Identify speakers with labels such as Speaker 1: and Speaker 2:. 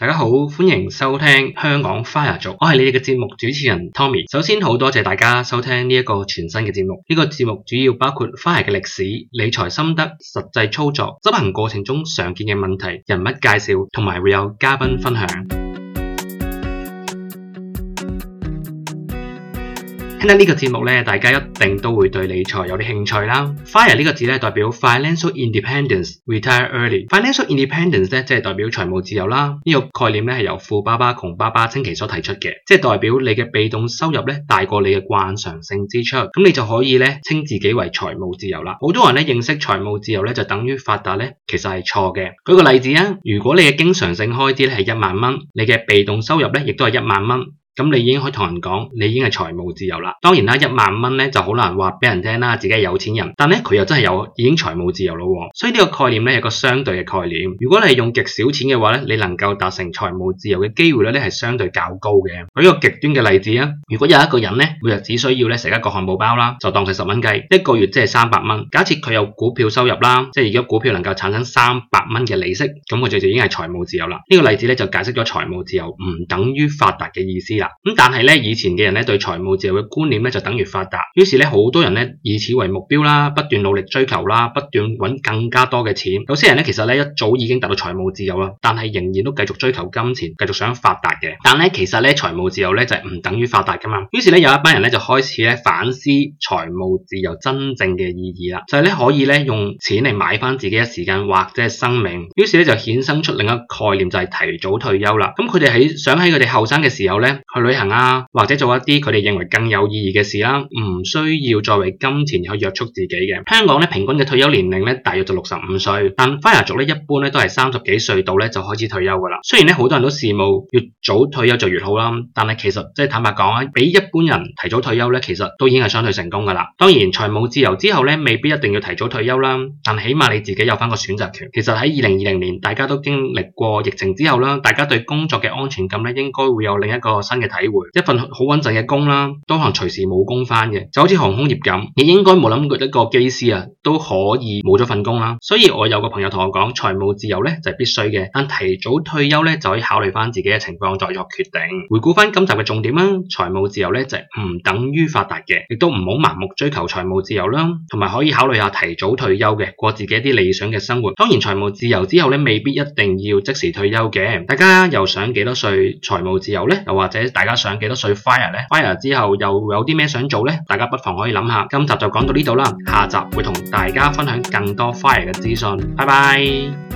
Speaker 1: 大家好，歡迎收聽香港 Fire 族，我係你哋嘅節目主持人 Tommy。首先好多謝大家收聽呢一個全新嘅節目。呢、這個節目主要包括 Fire 嘅歷史、理財心得、實際操作、執行過程中常見嘅問題、人物介紹，同埋會有嘉賓分享。聽到呢個節目咧，大家一定都會對理財有啲興趣啦。Fire 呢個字咧，代表 financial independence retire early。financial independence 咧，即係代表財務自由啦。呢、呢個概念咧，係由富爸爸窮爸爸清崎所提出嘅，即係代表你嘅被動收入咧，大過你嘅慣常性支出，咁你就可以咧，稱自己為財務自由啦。好多人咧，認識財務自由咧，就等於發達咧，其實係錯嘅。舉個例子啊，如果你嘅經常性開支咧係一萬蚊，你嘅被動收入咧，亦都係一萬蚊。咁你已經可以同人講，你已經係財務自由啦。當然啦，一萬蚊咧就好難話俾人聽啦，自己係有錢人。但咧佢又真係有已經財務自由咯。所以呢個概念咧係一個相對嘅概念。如果你係用極少錢嘅話咧，你能夠達成財務自由嘅機會咧係相對較高嘅。舉個極端嘅例子啊，如果有一個人咧，每日只需要咧食一個漢堡包啦，就當佢十蚊雞，一個月即係三百蚊。假設佢有股票收入啦，即係而家股票能夠產生三百蚊嘅利息，咁佢就已經係財務自由啦。呢、呢個例子咧就解釋咗財務自由唔等於發達嘅意思啦。咁但係咧，以前嘅人咧對財務自由嘅觀念咧就等於發達，於是咧好多人咧以此為目標啦，不斷努力追求啦，不斷搵更加多嘅錢。有些人咧其實咧一早已經達到財務自由啦，但係仍然都繼續追求金錢，繼續想發達嘅。但咧其實咧財務自由咧就係唔等於發達噶嘛。於是咧有一班人咧就開始咧反思財務自由真正嘅意義啦，就係咧可以咧用錢嚟買翻自己嘅時間或者係生命。於是咧就衍生出另一個概念就係提早退休啦。咁佢哋喺想喺佢哋後生嘅時候咧，去旅行啊，或者做一啲佢哋認為更有意義嘅事啦，唔需要，再為金錢去約束自己嘅。香港咧平均嘅退休年齡咧，大約就六十五歲，但 Fire 族咧一般咧都係三十幾歲到咧就開始退休噶啦。雖然咧好多人都羨慕越早退休就越好啦，但係其實即係坦白講啊，比一般人提早退休咧，其實都已經係相對成功噶啦。當然財務自由之後咧，未必一定要提早退休啦，但起碼你自己有翻個選擇權。其實喺二零二零年大家都經歷過疫情之後啦，大家對工作嘅安全感咧應該會有另一個新嘅。體會。一份好穩陣嘅工啦，都可能隨時冇工翻嘅，就好似航空業咁，你應該冇諗過一個機師啊都可以冇咗份工啦。所以我有個朋友同我講，財務自由呢就係必須嘅，但提早退休呢就可以考慮翻自己嘅情況再作決定。回顧翻今集嘅重點啦，財務自由呢就唔等於發達嘅，亦都唔好盲目追求財務自由啦，同埋可以考慮下提早退休嘅，過自己一啲理想嘅生活。當然，財務自由之後呢未必一定要即時退休嘅。大家又想幾多歲財務自由呢？又或者？大家想幾多歲 Fire 呢？Fire 之後又有啲咩想做呢？大家不妨可以諗下。今集就講到呢度啦，下集會同大家分享更多 Fire 嘅資訊。拜拜。